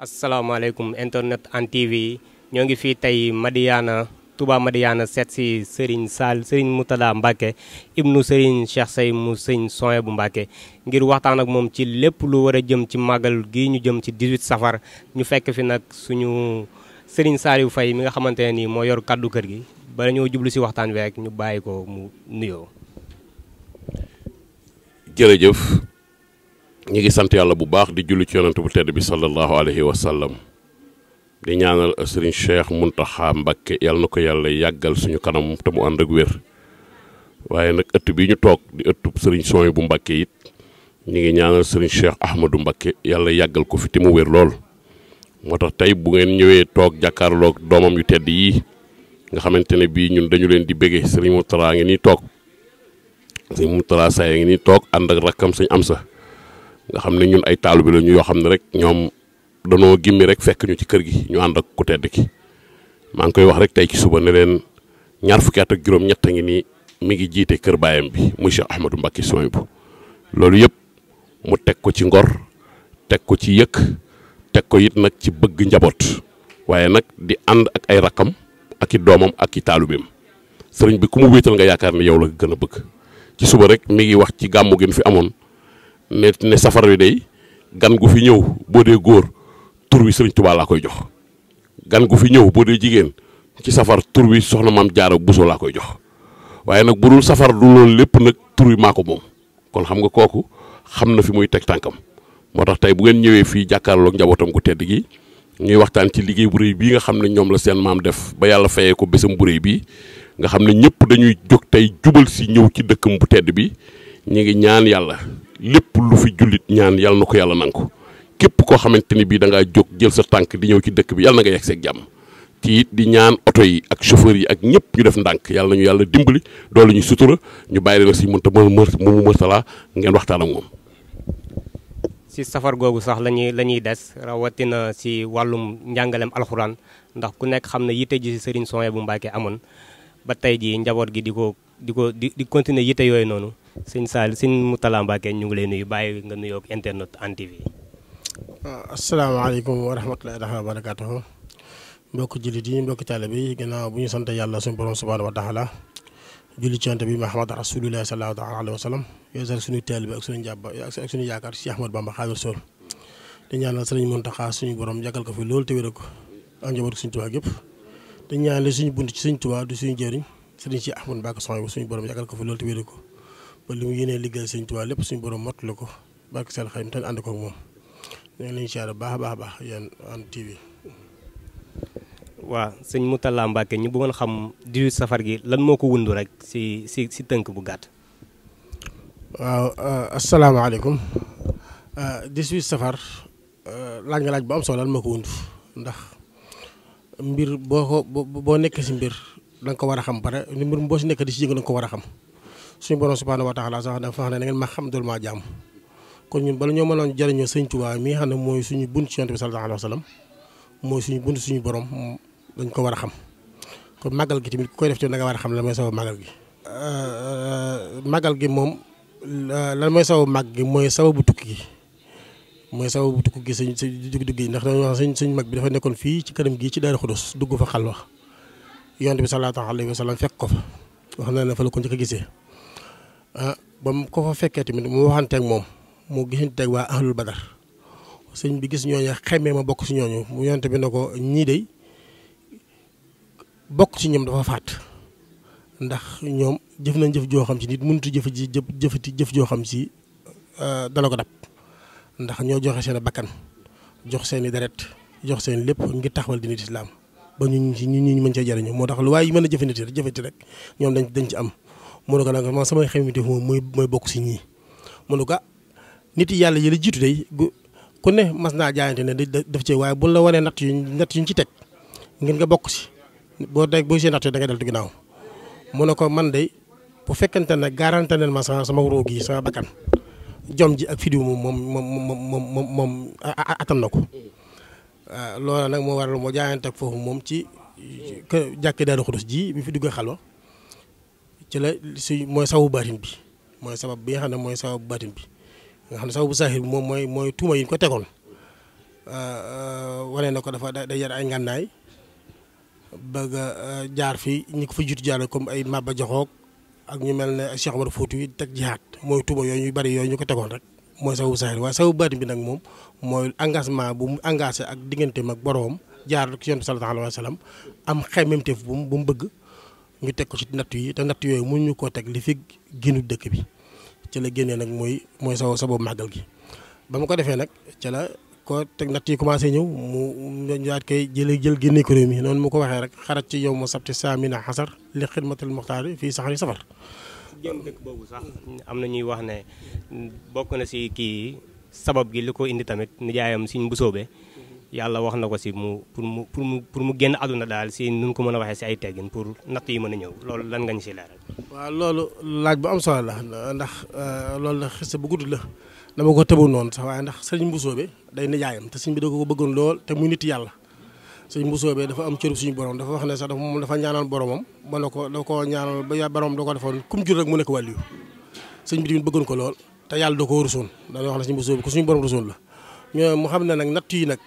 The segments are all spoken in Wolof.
asalaamaaleykum internet Hann TV ñoo ngi fii tey Madiyana tubaa Madiyana seet si saal Sall Serigne Moutada Mbacke ibnu Serigne Cheikh Say mu Serigne Soye bu Mbacke ngir waxtaan ak moom ci lépp lu war a jëm ci màggal gi ñu jëm ci 18 safar ñu fekk fi nag suñu Serigne Saliou Faye mi nga xamante ne nii moo yor kàddu kër gi bala ñoo jublu si waxtaan wi rek ñu bàyyi ko mu nuyoo. jërëjëf. ñi ngi sant yàlla bu baax di julli ci yonent bu tedd bi sallallahu alayhi wa sallam di ñaanal serigne Cheikh muntaha mbacke yàlla na ko yàlla yàggal suñu kanam te mu ànd ak wér waaye nag ëtt bi ñu toog di ëttub serigne Sooy bu mbacke it ñi ngi ñaanal serigne Cheikh Ahmadou mbacke yàlla yàggal ko fi te mu wér lool moo tax tey bu ngeen ñëwee toog jàkkaarloog doomam yu tedd yi nga xamante ne bii ñun dañu leen di bége serigne mutara ngi nii toog serigne mutara Saye ngi nii toog ànd ak rakkam sëñ sa nga xam ne ñun ay taalibe lañu yoo xam ne rek ñoom danoo gimmi rek fekk ñu ci kër gi ñu ànd ak ku tedd ki maa ngi koy wax rek tey ci suba ne leen ñaar fukki at ak juróom-ñett a ngi nii mi ngi jiite kër baayam bi muy Cheikh Ahmadou Mbacké Souhaïbou loolu yëpp mu teg ko ci ngor teg ko ci yëkk teg ko it nag ci bëgg njaboot waaye nag di ànd ak ay rakkam ak i doomam ak i taalubeem sëriñ bi ku mu wéetal nga yaakaar ne yow la gën a bëgg ci suba rek mi ngi wax ci gàmmu gi fi amoon. ne ne safar wi day gan gu fi ñëw boo dee góor tur wi sëriñ Tuubaa laa koy jox gan gu fi ñëw boo dee jigéen ci safar tur wi soxna maam jaara buso laa koy jox waaye nag bu dul safar du loolu lépp nag tur wi maa ko moom kon xam nga kooku xam na fi muy teg tànkam moo tax tey bu ngeen ñëwee fii jàkkaarloog njabootam gu tedd gi ñuy waxtaan ci liggéey bu réy bii nga xam ne ñoom la seen maam def ba yàlla fayee ko bésam bu bi nga xam ne ñëpp dañuy jóg tey jubal si ñëw ci dëkkam bu tedd bi ñu ngi ñaan yàlla lepp lu fi julit ñaan yalla nako yalla yàlla nangu képp koo xamante ni da nga jog jël sa tank di ñew ci dekk bi yalla nga yegg seeg jàmm ti it di ñaan auto yi ak chauffeur yi ak ñepp ñu def ndank yalla nañu yalla dimbali doole ñu sutura ñu bàyyi leen si mën ta mën mu sala ngeen waxtaan ak mom si safar gogu sax lañuy lañuy dess des rawatina si walum njàngaleem alxuraan ndax ku nek xamne ne yite ji si Serigne bu mbake amone ba tay ji njabot gi diko di ko di di continuer yite yooyu noonu sëñ Saal sëñ Moutala Mbacke ñu ngi lay nuyu bàyyi nga nuyoog internet Hann TV. waaw ah, asalaamaaleykum wa rahmatulaahi wa barakaatuh mbokk jullit yi mbokk taalibe yi gannaaw bu ñu sant yàlla suñ borom subhaanahu wa taala julli ci bi Muhammad rasulullah sallallahu taala alayhi wa sallam yooyu sax suñu taalibe ak suñu njàpp ak suñu yaakaar Cheikh Ahmad Bamba Xaadimu Rasuul di ñaanal sëriñ Muntaxa suñu borom yàggal ko fi loolu te wér ko ak njaboot suñu Tuubaa gépp di ñaanal suñu bunt ci suñu Tuubaa du suñu jëriñ serigne si Ahmad Mbacke soxna suñu borom yàggal ko fi loolu te ko ba limu yene yéenee liggéey sëriñ Tuubaa lépp suñu borom mot lako barke sel xarit tan and ko ak moom ñu ngi leen siyaare baax baax baax yeen am TV. wa serigne Moutalla mbake ñu bëggoon xam diu safar gi lan moko wundu rek si si si teunk bu gàtt. waaw euh, euh, di 18 safar euh, laaj nga laaj bu am solo lan moko wundu ndax mbir boko bo nek ci mbir. da ko war a xam bare mbir mi boo si nekk di si yëngu da nga ko war a xam suñu borom subhaanahu wa taala sax dafa xam ne na ngeen ma xam dul maa jàmm kon ñun bala ñoo mënoon jëriñoo nga xam ne bunt ci yonent bi sallallaahu alayhi suñu bunt suñu borom dañ ko war a xam kon màggal gi tamit ku koy def ci da nga war a xam la mooy sababu màggal gi màggal gi moom lan mooy sababu màgg gi mooy sababu tukki gi mooy sababu tukki gi sëñ si dugg dugg yi ndax dañuy wax sëñ sëñ mag bi dafa nekkoon fii ci kanam gi ci Daaru Xudus dugg xal wa yonent bi sallallahu alayhi wa sallam fekk ko fa wax na ne fa la ko njëkk a gisee ah ba mu ko fa fekkee tamit mu waxanteeg moom mu gisanteeg waa ahlul badar sëñ bi gis ñooñu xemee ma bokk si ñooñu mu yonent bi na ko ñii de bokk ci ñoom dafa faat ndax ñoom jëf nañ jëf joo xam si nit mënutu jëf ji jëf jëfati jëf joo xam si ah, dala ko dab ndax ñoo joxe seeni bakkan jox seeni deret jox seen lépp ngir taxawal diine islaam ba ñu ci ñu ñu mën cee jëriñu moo tax lu waaye yi mën a jëfandikoo rek jëfandikoo rek ñoom dañ dañ ci am mu ne ko nag man samay xemmeemteef moom mooy mooy bokk si ñii mu ne ko ah, nit yi yàlla yi la jiitu day ku ne mas naa jaayante ne daf cee waaye buñ la wanee natt yu natt yuñ ci teg ngeen nga bokk si boo teg boo see natt da ngay deltu ginnaaw mu ne ko man day bu fekkente ne garanté nañ ma sama sama roog sama bakkan jom ji ak fidiw moom moom moom moom moom moom attan Euh, loola nag moo waral moo jaayante ak foofu moom ci kër jàkkee Daaru Xudus ji bi fi duggee xalwa ci la si mooy sawu baatin bi mooy sabab bi nga xam ne mooy sababu baatin bi nga xam ne sababu saahir bi moom mooy mooy tuuma yi ñu ko tegoon euh, euh, wane na ko dafa day yar ay ngànnaay bëgg jaar fi ñi ko fa jiitu jaarale comme ay Maba Jaxu ak ñu mel ne Cheikh Omar Fouti teg jihaat mooy tuuma yooyu ñu bari yooyu ñu ko tegoon rek mooy sababu saahir waaye sababu baatin bi nag moom mooy engagement bu mu engagé ak digganteem ak boroom jaar ci yonent sallallahu alayhi wa sallam am xemmemteef bu mu bu mu bëgg ñu teg ko ci natt yi te natt yooyu mu ñu ko teg li fi génnu dëkk bi ci la génnee nag mooy mooy sa sa boobu màggal gi. ba mu ko defee nag ca la ko teg natt yi commencé ñëw mu daal koy jëlee jël génne ko réew mi noonu mu ko waxee rek xarat ci yow ma sabti saamina xasar li xidmatal muxtaari fii saxari safar. jëm dëkk boobu sax am na ñuy wax ne bokk na si kii sabab gi li ko indi tamit nijaayam suñ bu yàlla wax na ko si mu pour mu pour mu pour mu génn àdduna daal si nu ko mën a waxee si ay teggin pour natt yi mën a ñëw loolu lan nga ñu si leeral. waaw loolu laaj bu am solo la ndax euh, loolu la xiste bu gudd la dama ko tëbu noonu sax waaye ndax sëriñ bu soobee day nijaayam te sëriñ bi da ko bëggoon lool te muy yàlla. sëriñ bu soobee dafa am cëru suñu borom dafa wax ne sax dafa moom dafa ñaanal boromam ba la ko da ko ñaanal ba yaa borom da ko defoon kum jur rek mu nekk wàllu sëriñ bi tamit bëggoon ko lool. te yàlla da ko rusoon dañoo wax ne suñu bés ko suñu borom rusoon la ñoo mu xam ne nag natt yi nag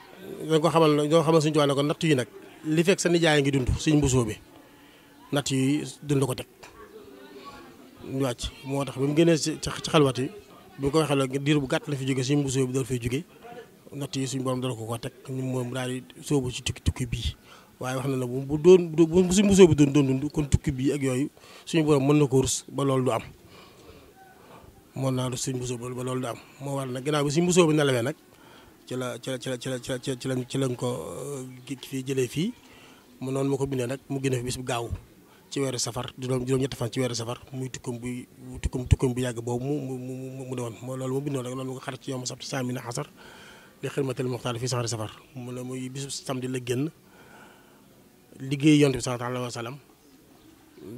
dañ ko xamal dañ ko xamal suñu tubaab ne ko natt yi nag li fekk sa nijaay ngi dund suñu mbusoo bi natt yi dund ko teg ñu wàcc moo tax ba mu génnee ci xalwat yi bi ko waxee la diir bu gàtt la fi jóge suñu mbusoo bi fay jóge natt yi suñu borom dal ko ko teg ñu moom daal di sóobu ci tukki tukki bii waaye wax na ne bu doon bu suñu mbusoo bi doon doon dund kon tukki bii ak yooyu suñu borom mën na ko rus ba loolu du am moo naan suñ mbusoo ba loolu daam moo waral nag ginnaaw bi suñ mbusoo bi nelawee nag ci la ci la ci la ci la ci la ci lañ ko euh, fii jëlee fii mu noonu ma ko bindee nag mu génne fi bis bu gaaw ci weeru safar juróom juróom-ñetti fan ci weeru safar muy tukkum bu tukkum tukkum bu yàgg boobu mu mu mu newoon moo loolu mu bindoon rek loolu ma ko xarit ci yow ma sabti saamina xasar li xirmatal moxtaar fii saxari safar mu ne muy bisu samedi la génn liggéey yonte bi sallallahu alayhi wa sallam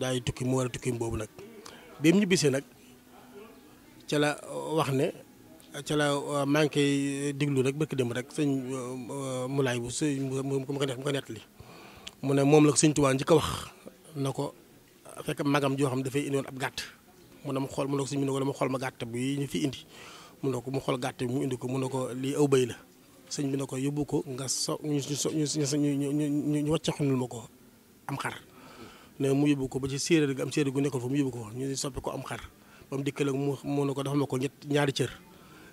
daay tukki mu war a tukkim boobu nag bi mu ñibbisee nag ca la euh, wax ne ca la euh, maa ngi euh, diglu rek bëkk dem rek sëñ mulaay bu sëñ mu ko def mu ko mu ne moom la ko sëñ Tuubaa njëkk a wax na ko fekk magam joo xam dafay indi woon ab gàtt mu ne mu xool mu ne ko sëñ bi xool ma gàtt bi ñu fi indi mu ne ko mu xool gàtt bi mu indi ko mu ne ko lii aw bëy la sëñ bi ne ko yóbbu ko nga so ñu so ñu ñu ñu wàccaxunul ma ko am xar ne mu yóbbu ko ba ci séeréer gi am séeréer gu nekkoon fa mu yóbbu ko ñu soppi ko am xar ba mu dikkee nag mu mu ne ko dafa ma ko ñett ñaari cër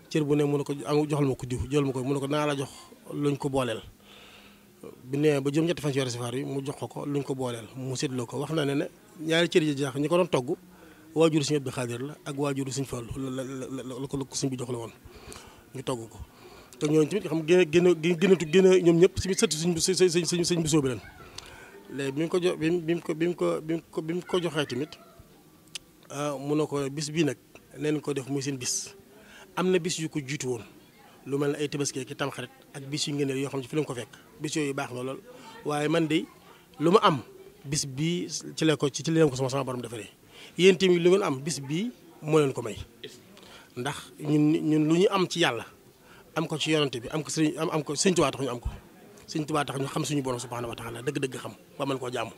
cër bu ne mu ne ko am joxal ma ko diw jël ma ko mu ne ko naa la jox luñ ko booleel bi nee ba jëm ñetti fan ci weeru bi mu jox ko ko luñ ko booleel mu séddloo ko wax na ne ne ñaari cër yi jaax ñi ko doon togg waajuru Sëñ Abdu Xaadir la ak waajuru Sëñ Fallu la la ko sëñ bi jox la woon ñu togg ko te ñooñu tamit xam gën a gën a gën gën a ñoom ñëpp si sëtt suñ sëñ sëñ sëñ bi sóobi leen bi mu ko jox bi mu ko bi mu ko bi mu ko joxee tamit Ah, mu ne ko bis bii nag neen ko def muy seen bis am na bis yu ko jiitu woon lu mel ne ay tabaski ki tamxarit ak bis yu ngëneel yoo xam ne fi la ko fekk bis yooyu baax na lool waaye man de lu ma am bis bii ci ci leen ko sama sama borom defaree yéen tamit lu ngeen am bis bii moo leen ko may ndax ñun ñun lu ñu am ci yàlla am ko ci yonante bi am ko sëriñ am ko sëriñ Tuubaa tax ñu am ko sëriñ Tuubaa tax ñu xam suñu borom subhaanahu wa dëgg-dëgg xam ba mën koo jaamu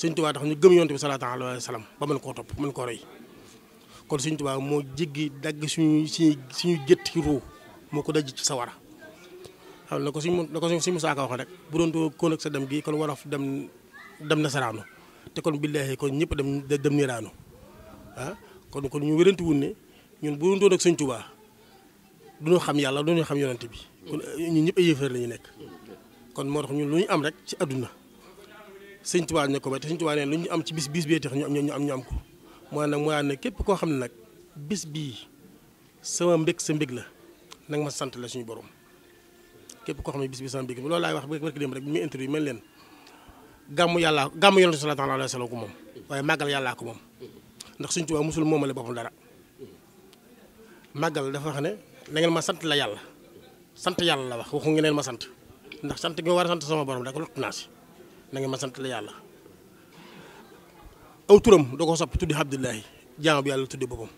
Sëñ Tuubaa tax ñu gëm yonent bi salaatu alayhi wa salaam ba mën koo topp mën koo roy kon Sëñ Tuubaa moo jéggi dagg suñu suñu suñu jët ci ruu moo ko daj ci sawara xam la ko suñ la ko suñ Musaa rek bu doon kon sa dem gi kon waraf dem dem nasaraanu te kon billaahi kon ñëpp dem dem niiraanu ah, kon kon ñu wéranti ne ñun bu doon ak Sëñ Tuubaa du xam yàlla du ñu xam yonent bi. kon ñëpp ay la ñu nekk kon moo tax ñun lu ñu am rek ci àdduna sëñ Tuubaa ñu ko may te sëñ Tuubaa ne ñu am ci bis bis bee tax ñu am ñu am ñu am ko mooy nag koo xam ne nag bis bii sama mbég sa mbég la nag ma sant la suñu borom képp koo xam ne bis bii sama mbég loolu laay wax barki dem rek bi muy interview mel leen gàmmu yàllaa gàmmu yonent sallallahu alayhi wa ko moom waaye màggal yàllaa ko moom ndax sëñ Tuubaa musul moomale boppam dara màggal dafa wax ne na ma sant la yàlla sant yàlla la wax waxu ngeen ma sant ndax sant gi ma war a sant sama borom rek lott naa si nanga nga ma sant la yàlla aw turam da ko soppi tuddi Abdullahi jaamu bi yàlla tuddi boppam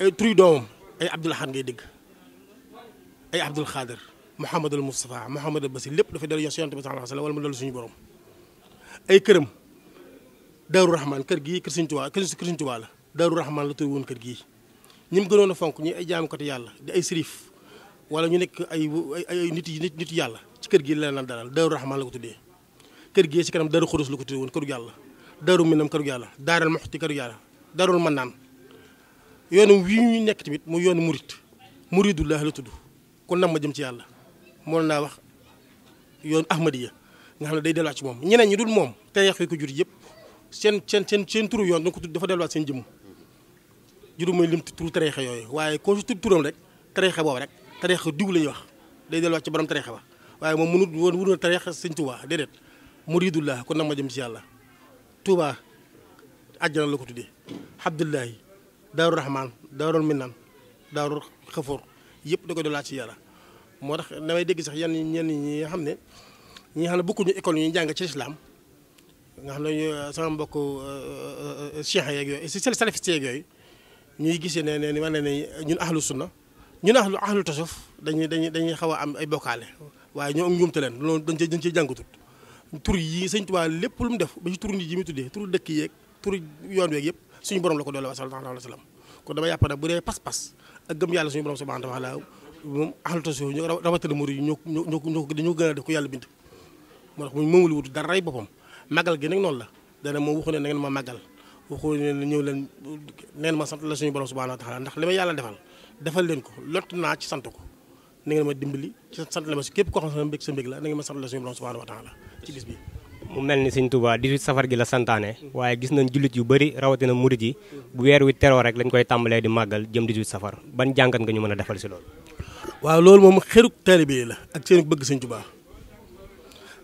ay turi doomam ay Abdul Ahad ngay dégg ay Abdul Xaadir Mouhamadul Moustapha Mouhamadul Basir lépp dafay dellu yonent bi sallallahu alayhi wa sallam wala mu dellu suñu borom ay këram Daaru Rahman kër gii kër Sëriñ Tuubaa kër Sëriñ Tuubaa la Daaru Rahman la tur woon kër gi ñu mu gënoon a fonk ñi ay jaamukati yàlla di ay sirif wala ñu nekk ay ay nit yi nit yàlla ci kër gi la lan dalal daaru rahman la ko tuddee kër gi ci kanam daaru xurus la ko tuddee woon këru yàlla daaru minam këru yàlla daaral maxti këru yàlla daarul man naan yoonu wi ñu nekk tamit mu yoonu murit muridullah la tudd ku nam ma jëm ci yàlla moo naa wax yoonu ahmadiya nga xam ne day delluwaat ci moom ñeneen ñi dul moom tariix yi ko yëpp seen seen seen seen turu yoon dañ ko tudd dafa delluwaat seen jëmm juru mooy lim turu tariix yooyu waaye koo si tudd turam rek tariix boobu rek tariix diw la ñuy wax day delluwaat ci borom tariix ba waaye moom mënut woon wuroo tarix sëñ Touba déedéet muridullah kon nag ma jëm ci yàlla Touba àjjana la ko tuddee Abdullahi Daaru Rahman Daaru Minan Daaru Xafoor yëpp da koy dolaat ci yàlla moo tax damay dégg sax yan ñenn ñi nga xam ne ñi bokkuñu école yi ñu jàng ci lislaam xam ne sama mbokk euh, euh, euh, cheikh yeeg yooyu si salafiste yeeg yooyu ñuy gisee ne ne ne ñun ahlu sunna ñun ahlu ahlu tasawuf dañuy dañuy dañuy xaw a am ay bokkaale waaye ñoo am njuumte leen loolu dañ cee dañ cee jàngatut tur yi sëñ Tuubaa lépp lu mu def ba ci tur nit yi mu tuddee tur dëkk yeeg tur yoon weeg yëpp suñu borom la ko doole wa sallallahu alayhi wa sallam kon dama yàpp nag bu dee pas-pas ak gëm yàlla suñu borom subhanahu wa taala moom ahlu tasawuf ñu rawatina murid yi ñoo ñoo ñoo dañoo gën a def ko yàlla bind moo tax mu moomul wut dara rey boppam màggal gi nag noonu la dana moom waxu ne na ngeen ma màggal waxu ne ñëw leen neen ma sant la suñu borom subhanahu wa taala ndax li ma yàlla defal defal leen ko lott naa ci sant ko na ngeen ma dimbali ci sant la ma si képp koo xam ne mbég sa mbég la na ngeen ma sant la suñu borom subhanahu wa taala ci bis bi mu mel ni sëñ Touba 18 safar gi la santaane waaye gis nañ jullit yu bëri rawatina murit yi bu weer wi teroo rek lañ koy tàmbalee di magal jëm 18 safar ban jàngat nga ñu mën defal si loolu waaw loolu moom xeruk taalibe la ak seen bëgg sëñ Touba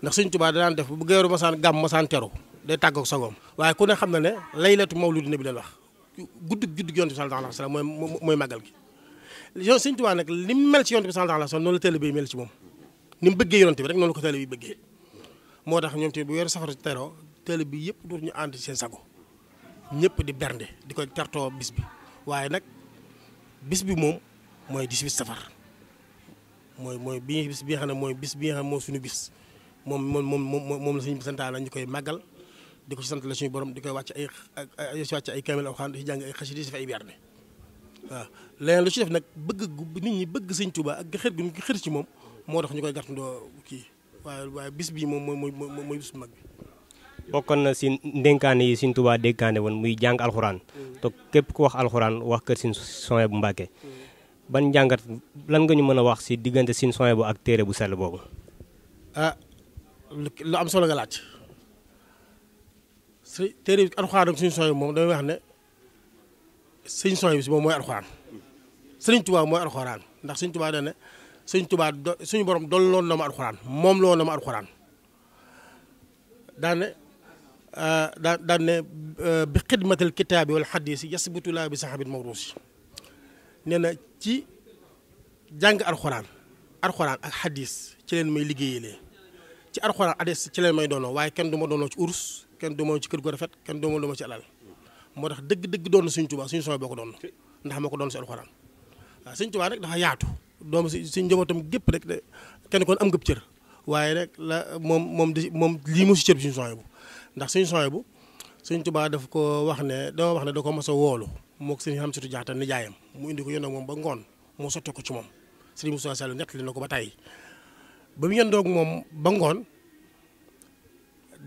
ndax Touba def bu geeru masaan gàmm masaan teru day tàggoog sogom waaye ku ne xam na ne laylatu mawludi nabi la wax guddug juddug yonte sallallahu alayhi gi yow Sëñ Tuubaa nag li mu mel ci yonent bi sallallahu alayhi wa sallam noonu la taalibe bi mel ci moom ni mu bëggee yonent bi rek noonu la ko taalibe bi bëggee moo tax ñoom tamit bu weeru safar teroo taalibe bi yëpp dootuñu ànd seen sago ñëpp di bernde di ko tartoo bis bi waaye nag bis bi moom mooy 18 safar mooy mooy bi bis bi nga xam ne mooy bis bi nga xam ne mooy suñu bis moom moom moom moom la suñu santaane ñu koy màggal di ko ci sant la suñu borom di koy wàcc ay ay wàcc ay kaamil Alxuraan di ci jàng ay xasida di ci def ay bernde waaw leneen lu ci def nag bëgg gu nit ñi bëgg sëñ Tuubaa ak xër gu ñu xër ci moom moo tax ñu koy gàttandoo kii waaye waaye bis bii moom mooy mooy mooy bis mag bi. bokkoon na si ndénkaane yi Sëñ Tuubaa dénkaane woon muy jàng alxuraan te képp ko wax alxuraan wax kër Sëñ Suhaybu bu Mbàkke ban njàngat lan nga ñu mën a wax si diggante Sëñ Suhaybu bu ak téere bu sell boobu. ah lu am solo nga laaj. téere alxuraan ak Sëñ Suhaybu moom sëñ son bi si moom mooy alxuraan sëriñ tubaa mooy alxuraan ndax sëñ tubaa dane sëñ tubaa suñu borom dool loon na ma alxuraan moom loo na ma alxuraan daane daa daan ne bi xidmatal kitaabi wala xadis yasbutu laa bi saxabit mawruus nee na ci jàng alxuraan alxuraan ak xadis ci leen may liggéeyalee ci alxuraan xadis ci leen may doonoo waaye kenn du ma doonoo ci urus kenn du ma ci kër gu rafet kenn du ma doonoo ci alal moo tax dëgg-dëgg doon suñ Tuubaa suñu sooy boo ko doon ndax ma ko doon si alxuraan waaw rek dafa yaatu doom si suñ njabootam gépp rek de kenn kon am ngëb cër waaye rek la moom moom di moom lii mu si cër suñu sooy bu ndax suñu sooy bu suñ Tuubaa daf ko wax ne dama wax ne da ko mos a woolu moo ko sëñ xam surtout jaata ni mu indi ko yónnee moom ba ngoon mu sottee ko ci moom sëñ Moussa Sall nettali na ko ba tey ba mu yëndoog moom ba ngoon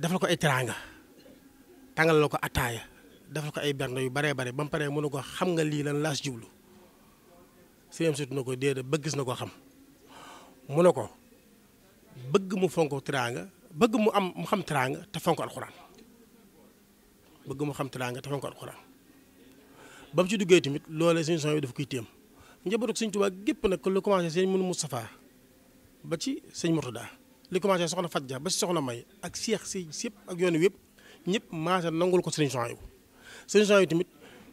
defal ko ay teraanga tàngal la ko ataaya defal ko ay bernde yu bare bare bam pare munu ko xam nga li lan las jublu sëriñ sut nako ko beug gis nako ko xam munu ko bëgg mu fonko tranga beug mu am mu xam tranga ta fonko alquran beug mu xam tranga ta fonko alquran bam ci duggé timit lolé suñu son daf koy tém njabootu suñ tubaa gep nak lu commencé sëñ munu mustafa ba ci sëñ Murtada li commencé soxna Fadja ba ci soxna May ak Cheikh si yëpp ak yoon wep ñep ma sa nangul ko sëriñ son sëñ Jean yi tamit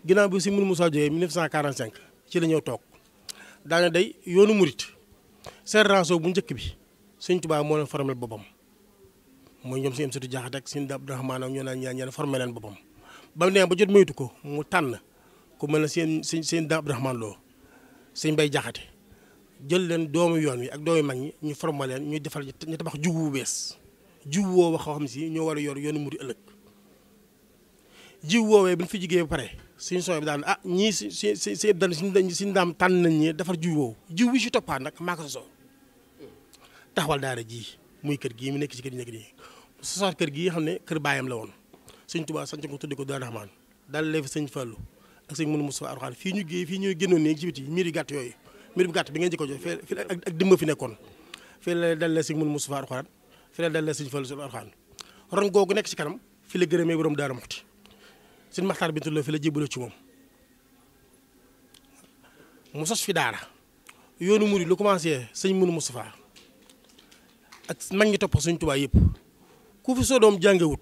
ginnaaw bi si Mourou Moussa jógee 1945 ci la ñëw toog daana day yoonu murit seen rançon bu njëkk bi sëñ Tuubaa moo leen boppam mooy ñoom si am sëtu Jaxate ak sëñ Abdourahmane ñoo naa ñaan ñaan formé leen boppam ba mu ba jot moytu ko mu tànn ku mel ne seen seen seen Abdourahmane Lo sëñ Bay Jaxate jël leen doomu yoon wi ak doomu mag ñi ñu formé leen ñu defal ñu tabax jugu bu bees jugu woo wax xam si ñoo war a yor yoonu murit ëllëg jiw woowee bi ñu fi jigéen ba pare suñu sooy bi daan a ah, ñii si si si si suñu tànn nañ ñi defar jiw woowu jiw wi si toppaat nag maa ko sosoo taxawal daara ji muy kër gii mu nekk ci kër gi nekk nii sosaat kër gii xam ne kër baayam la woon sëñ Tuubaa sanc ko tudde ko Daaru Rahmaan daal leefi sëñ Fallu ak fii ñu géey fii ñooy génnoon ne ci biti bi ngeen jëkko jox fii fii fi nekkoon fii la dal lee sëñ Mënu Musaa Arxaan fii la dal lee sëñ Fallu Arxaan ron googu nekk ci kanam fi la gërëmee borom Daaru Muxti sëñ Maxtaar Bintu Lo fi la jébbaloo ci moom mu sos fi daara yoonu murid lu commencé sëñ Mënu Moustapha ak mag ñi topp sëñ Tuubaa yëpp ku fi soo doom jàngewut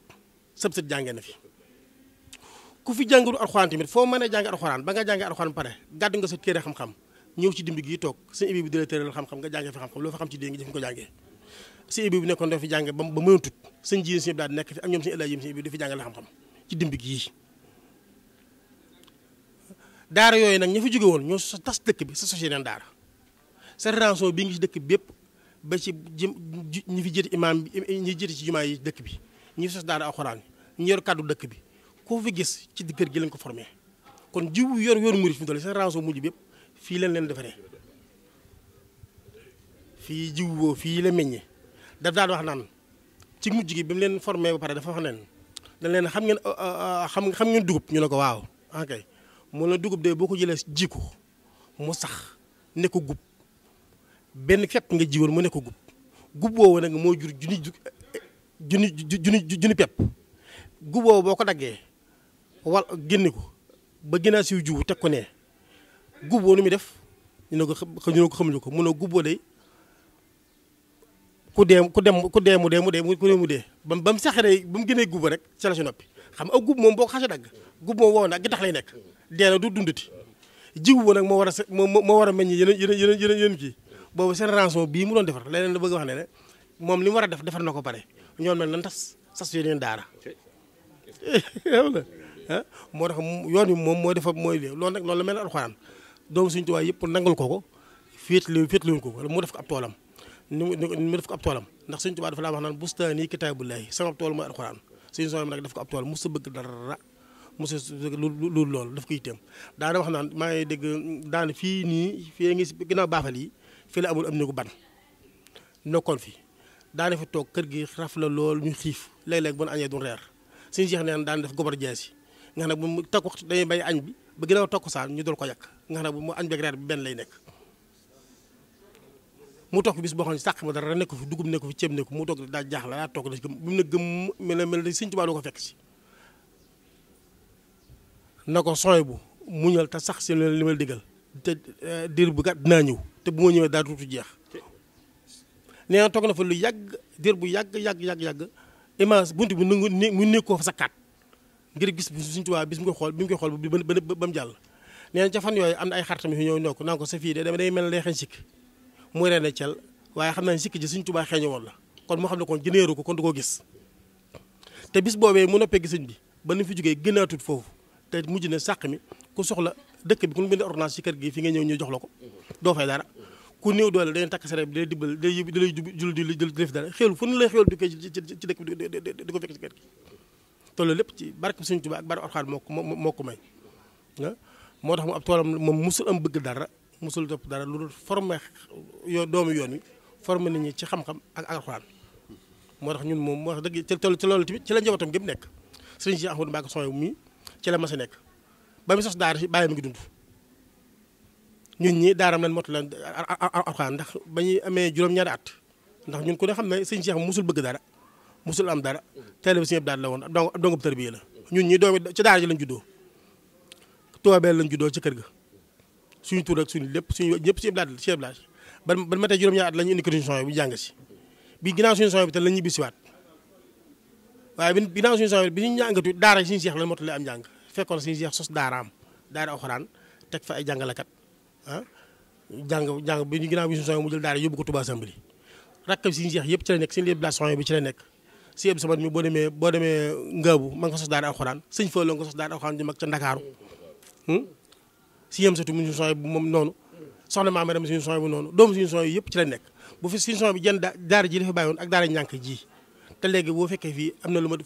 sëb sët jànge na fi ku fi jàngewut alxuraan tamit a jàng alxuraan ba nga jànge alxuraan pare gàddu nga xam-xam ñëw ci dimbi gi toog sëñ Ibi bi xam-xam nga fi xam-xam loo fa xam ci dée ngi jëf ko jàngee sëñ Ibi bi nekkoon doo fi ba ba mënatut sëñ jiyén daal di nekk fi ak ñoom sëñ Elaaji yém sëñ Ibi du fi la xam-xam ci dimbi gi daara yooyu nag ña fa jóge woon ñoo sa tas dëkk bi sa sos yeneen daara sa rançon bii ngi ci dëkk bi bépp ba ci ñi fi jëti imaam bi ñi jëti ci jumaa yi dëkk bi ñi sos daara alxuraan ñi yor kàddu dëkk bi ko fi gis ci kër gi lañ ko formé kon jiw yor yor murit fi mu toll sa rançon mujj bi yëpp fii leen leen defaree fii jiw woo fii la meññee daf daan wax naan ci mujj gi bi mu leen formé ba pare dafa wax neen dañ leen xam ngeen xam xam ngeen dugub ñu ne ko waaw ok mu la dugub de boo ko jëlee ji ko mu sax ne ko gub benn pepp nga jiwoon mu ne ko gub gub woowu nag moo jur junni junni junni junni pepp gub woowu boo ko daggee wal génne ko ba ginnaaw siw jiwu teg ko nee gub woo nu def ñu na ko ñu ne ko xamuñu ko mu ne gub woo ku dee ku dem ku dee mu dee mu dee ku dee mu dee ba ba mu saxee ba mu gënee gub rek ca la si noppi xam nga gub moom boo ko xasee dagg gub moom woowu nag gi lay nekk. dee na du dundati jiw ba nag moo war a moo moo war meññ yeneen yeneen yeneen yeneen kii boobu seen rançon bii mu doon defar leneen la bëgg wax ne ne moom li war a def defar na ko pare ñoom nag nan tas sas yeneen daara ah moo tax yoon wi moom mooy defar mooy léew loolu nag noonu la mel ne alxuraan doomu suñu tubaab yëpp nangal ko ko féetlu féetlu ko wala mu def ko ab toolam ni mu def ko ab toolam ndax suñu tubaab dafa laa wax naan bustaani kitaabullaahi sama tool mooy alxuraan suñu soxla nag def ko ab tool mos a bëgg dara monsieur lu lu loolu daf ko yitteem daana wax naan maa ngi dégg daana fii nii fii ngi si ginnaaw baafal yi fii la amul am néegu ban nekkoon fi daana fi toog kër gi raf la lool ñu xiif léeg-léeg bu nu añee duñ reer suñu jeex neen daan def gobar jaasi nga xam ne bu mu takku dañuy bay añ bi ba ginnaaw takkusaan ñu dul ko yàq nga xam ne bu mu añ beeg benn lay nekk mu toog bis boo xam ne sàq ma dara nekk fi dugub nekk fi ceeb nekk mu toog daa jaaxle daa toog da gëm bi mu ne gëm mel na mel na Sëñ ko fekk si na ko sooy bu mu muñal te sax si li ma digal te eh, diir bu gàtt dinaa ñëw te bu moo ñëwee daa tuuti jeex nee na toog na fa lu yàgg diir bu yàgg yàgg yàgg yàgg image bunt bi nangu mu nekkoo fa sa kaat ngir gis suñ tubaab bis mu koy xool bi mu koy xool ba ba mu jàll nee na ca fan yooyu am na ay xaritam yu ñëw ñoo ko naan ko sa fii de day mel ne day xeeñ sikk mu reen a cel xam naa sikk ji suñ tubaab xeeñu woon la kon moo xam ne kon jëneeru ko kon du ko gis te bis boobee mu noppee gis bi ba nu fi jógee gënaatut foofu te mujj na sàq mi ku soxla dëkk bi ku ñu bind ordonnance ci kër gi fi nga ñëw ñu jox la ko doo fay dara ku néew doole dañuy takk sareet bi day dibbal day yóbbu da lay jul di def dara xéwlu fu ñu lay xéwlu di koy ci dëkk bi di ko fekk ci kër gi te loolu lépp ci barke Sëriñ Tuubaa ak barke Alxuraan moo ko moo ko may nga moo tax mu ab toolam moom musul am bëgg dara musul topp dara lu dul formé yoo doomu yoon wi formé nit ñi ci xam-xam ak Alxuraan moo tax ñun moom moo tax dëgg ci loolu tamit ci la njabootam gépp nekk sëriñ si Ahmadou Mbacké Sow mii ci la ma sa nekk ba mu sos daar si bàyyi mi ngi dund ñun ñi daaram lan motu lan alxuraan ndax ba ñuy amee juróom-ñaari at ndax ñun ku ne xam ne sëñ Cheikh musul bëgg dara musul am dara tele bi sëñ daal la woon dong dongub tarbiya la ñun ñi doomi ci daara ji lañ juddoo toobeel la juddoo ci kër ga suñu tur ak suñu lépp suñu ñëpp sëñ daal sëñ daal ban ba ma tey juróom-ñaari at la ñu indi kër suñu son bu jàng si bi ginnaaw suñu bi te la ñuy waaye bi ginnaaw suñu soxla bi ñu njàngatu daara suñu seex lan moo tudd am njàng fekkoon suñu seex sos daaraam daara alxuraan teg fa ah. ñu ginnaaw bi suñu soxla mu jël daara yóbbu yëpp ci nekk seen léeb la soxla bi ci la nekk sëñ bi boo demee boo demee Ngaabu ma nga ko sos daara alxuraan sëñ Fallou nga ko sos daara mag ca Ndakaaru si yem hmm? satu mu suñu soxla bu moom noonu soxna maama dem suñu soxla bu noonu doomu suñu soxla yëpp ci la nekk bu fi suñu soxla bi jenn daara ji la fi bàyyoon ak daara ñànk ji te léegi boo fekkee fii am na lu ma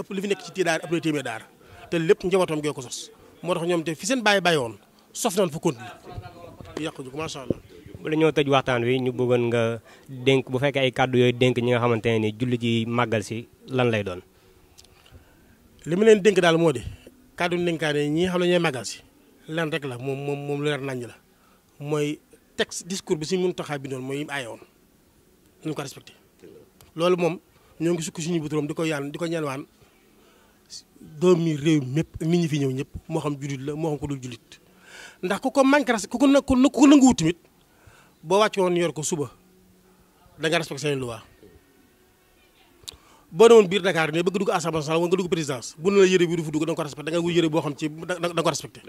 ëpp lu fi nekk ci tiidaar ëpp na téeméer daara te lépp njabootam gee ko sos moo tax ñoom te fi seen bàyyi bàyyoon sof nañ fa continuer yàqu ju ko macha tëj waxtaan wi ñu bëggoon nga dénk bu fekkee ay kàddu yooyu dénk ñi nga xamante ne nii julli yi màggal si lan lay doon. li mu leen dénk daal moo di kàddu ndénkaane ñi xam ne ñooy màggal si lan rek la moom moom moom leer nañ la mooy texte discours bi si mun bi bindoon mooy ayoon nañu ko respecté ñoo ngi sukk suñu buturam di ko yaan di ko ñaan waan doomi réew mépp nit ñi fi ñëw ñëpp moo xam jullit la moo xam ko dul jullit ndax ku ko manqué ku ko na ku ko nanguwut tamit boo woon yor ko suba da nga respecté seen loi boo ne woon biir Dakar ne bëgg dugg assemblée bu ne la yëre bi du fa dugg da nga ko respecté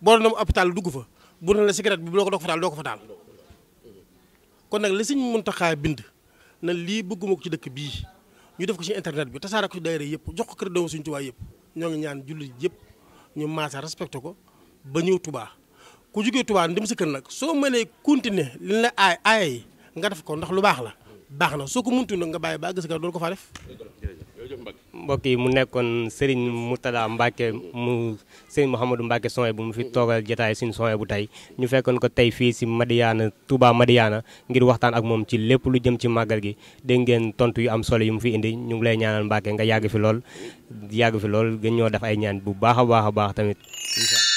fa bu la cigarette bi loo ko doo ko fa taal doo ko fa taal kon nag li Sëñ bind na lii bëgguma ko ci dëkk bii ñu def ko ci internet bi tasaare ko ci daayira yëpp jox ko kër doomu suñu Tuubaa yëpp ñoo ngi ñaan jullit yëpp ñu maasa respecté ko ba ñëw Tuubaa ku jógee Tuubaa dem sa kër nag soo mënee continuer li la aay aay nga def ko ndax lu baax la baax na soo ko muntu nag nga bàyyi ba àgg sa kër doon ko faa def mbokk yi mu nekkoon Serigne Murtada Mbacke mu Serigne Mouhamadou Mbacke Sohaybu bu mu fi toogal jotaay suñu Sohaybu bu tey ñu fekkoon ko tey fii si Madiana tubaa Madiana ngir waxtaan ak moom ci lépp lu jëm ci màggal gi dégg ngeen tontu yu am solo yu mu fi indi ñu ngi lay ñaanal Mbacke nga yàgg fi lool yàgg fi lool gën ñoo def ay ñaan bu baax a baax a baax tamit.